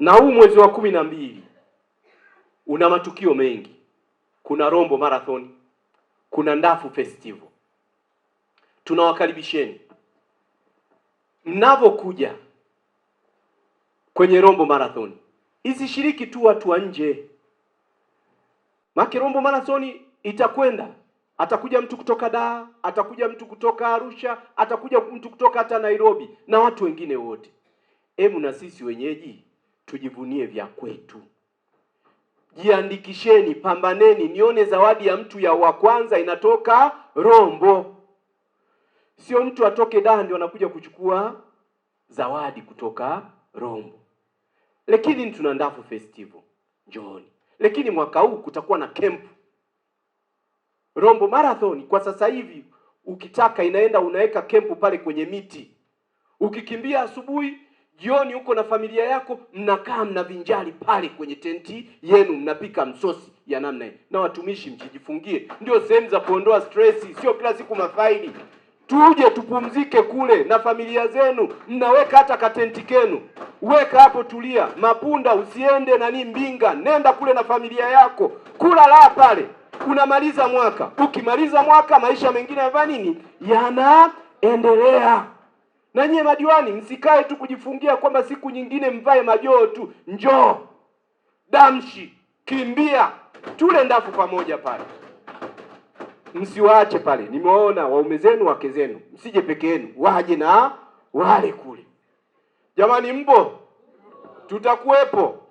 na huu mwezi wa kumi na mbili una matukio mengi. Kuna Rombo Marathon, kuna Ndafu Festival. Tunawakaribisheni mnavyokuja kwenye Rombo Marathon, isishiriki tu watu wa nje, maana Rombo Marathon itakwenda atakuja mtu kutoka Dar, atakuja mtu kutoka Arusha, atakuja mtu kutoka hata Nairobi na watu wengine wote. Hebu na sisi wenyeji tujivunie vya kwetu. Jiandikisheni, pambaneni, nione zawadi ya mtu ya wa kwanza inatoka Rombo. Sio mtu atoke Dar ndio anakuja kuchukua zawadi kutoka Rombo. Lakini tuna Ndafu Festival, njooni. Lakini mwaka huu kutakuwa na camp Rombo Marathon. Kwa sasa hivi ukitaka inaenda unaweka kempu pale kwenye miti, ukikimbia asubuhi jioni huko na familia yako, mnakaa mnavinjari pale kwenye tenti yenu, mnapika msosi ya namna hii. Na watumishi msijifungie, ndio sehemu za kuondoa stress, sio kila siku mafaili. Tuje tupumzike kule na familia zenu, mnaweka hata katenti kenu, weka hapo, tulia. Mapunda usiende nani Mbinga, nenda kule na familia yako, kula laa pale, unamaliza mwaka. Ukimaliza mwaka, maisha mengine ya nini yanaendelea. Na nyie madiwani, msikae tu kujifungia kwamba siku nyingine mvae majoo tu. Njoo damshi, kimbia, tule ndafu pamoja pale, msiwaache pale. Nimewaona waume zenu, wake zenu, msije peke yenu, waje na wale kule. Jamani, mbo Tutakuwepo.